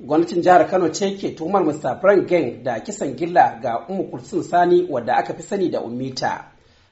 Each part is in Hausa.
Gwamnatin jihar Kano ce ke tuhumar Mr. Frank Geng da kisan gilla ga Umu Kulsun Sani wadda aka fi sani da umita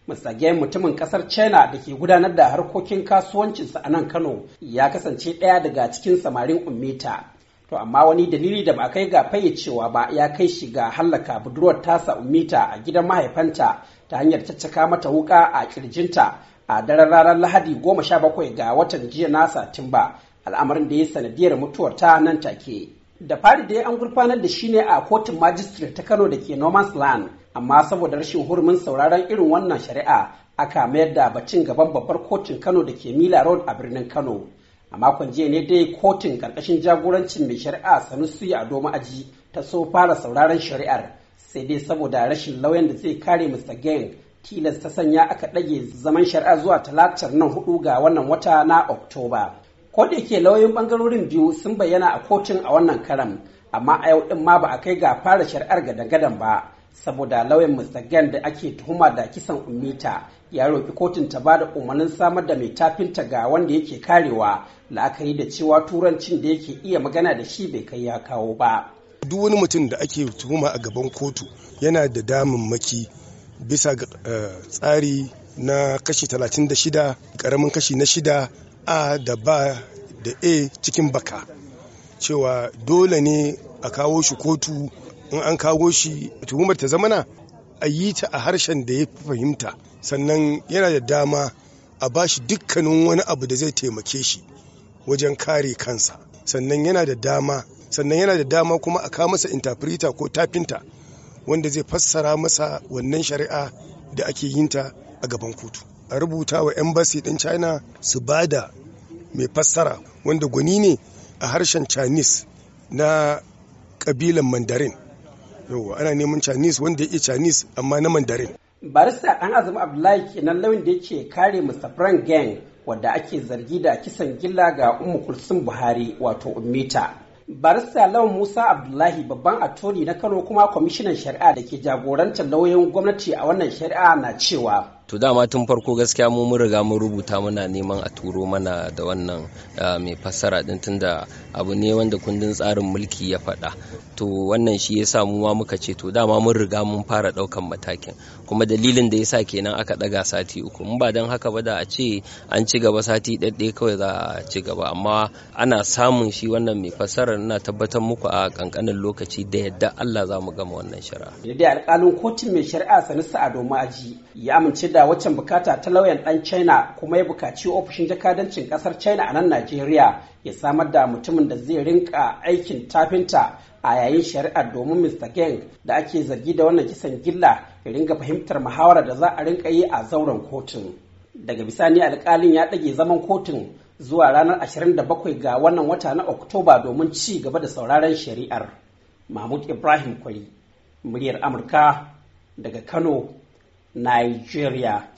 Mr. Geng mutumin kasar China da ke gudanar da harkokin kasuwancinsa a nan Kano ya kasance ɗaya daga cikin samarin Ummita. To amma wani dalili da ba kai ga fayyacewa ba ya kai shi ga hallaka budurwar tasa Ummita a gidan mahaifanta ta hanyar caccaka mata wuka a kirjinta a daren ranar Lahadi 17 ga watan jiya na Satumba al'amarin da ya sanadiyar mutuwar ta nan take da fari da ya an gurfanar da shi ne a kotun magistrate ta kano da ke Noman land amma saboda rashin hurumin sauraron irin wannan shari'a aka mayar da bacin gaban babbar kotun kano da ke mila road a birnin kano a makon jiya ne dai kotun karkashin jagorancin mai shari'a sanusi a Ado Ma'aji ta so fara sauraron shari'ar sai dai saboda rashin lauyan da zai kare mr gang tilas ta sanya aka ɗage zaman shari'a zuwa talatar nan hudu ga wannan wata na oktoba ko da yake lauyoyin bangarorin biyu sun bayyana a kotun a wannan karam amma a yau din ma ba a kai ga fara shari'ar gadan-gadan ba saboda lauyan mustagen da ake tuhuma da kisan umita ya roƙi kotun ta ba da umarnin samar da mai tafinta ga wanda yake karewa la'akari da cewa turancin da yake iya magana da shi bai kai ya kawo ba duk wani mutum da ake tuhuma a gaban kotu yana da damammaki bisa ga eh, tsari na kashi 36 karamin kashi na shida a da ba da a cikin baka cewa dole ne a kawo shi kotu in an kawo shi tuhumar ta zamana a yi ta a harshen da ya fahimta sannan yana da dama a ba shi dukkanin wani abu da zai taimake shi wajen kare kansa sannan yana da dama sannan yana da dama kuma a kawo masa interpreter ko tafinta wanda zai fassara masa wannan shari'a da ake yinta a gaban kotu a rubuta wa embassy din china su bada mai fassara wanda gwani ne a harshen chinese na kabilan mandarin yauwa ana neman chinese wanda ya chinese amma na mandarin barista dan azumi abdullahi kenan launin da yake kare mr frank gang wadda ake zargi da kisan gilla ga ummu kulsun buhari wato ummita barista lawan musa abdullahi babban attorney na kano kuma kwamishinan shari'a da ke jagorantar lauyoyin gwamnati a wannan shari'a na cewa to dama tun farko gaskiya mu mun riga mun rubuta muna neman a turo mana da wannan mai fassara din tunda abu ne wanda kundin tsarin mulki ya faɗa to wannan shi yasa mu ma muka ce to dama mun riga mun fara ɗaukan matakin kuma dalilin da ya sa kenan aka ɗaga sati uku mun ba don haka ba da a ce an ci gaba sati ɗaɗɗe kawai za a ci gaba amma ana samun shi wannan mai fassara na tabbatar muku a kankanin lokaci da yadda Allah za mu gama wannan shari'a. Yadda alƙalin kotun mai shari'a Sanusi Ado ya amince da da waccan bukata ta lauyan ɗan China kuma ya bukaci ofishin jakadancin ƙasar China a nan Najeriya ya samar da mutumin da zai rinka aikin tafinta a yayin shari'ar domin Mr. Geng da ake zargi da wannan kisan gilla ya ringa fahimtar muhawarar da za a rinka yi a zauren kotun. Daga bisani alkalin ya dage zaman kotun zuwa ranar 27 ga wannan wata na Oktoba domin ci gaba da sauraron shari'ar. Mahmud Ibrahim Kwari, muryar Amurka daga Kano, Nigeria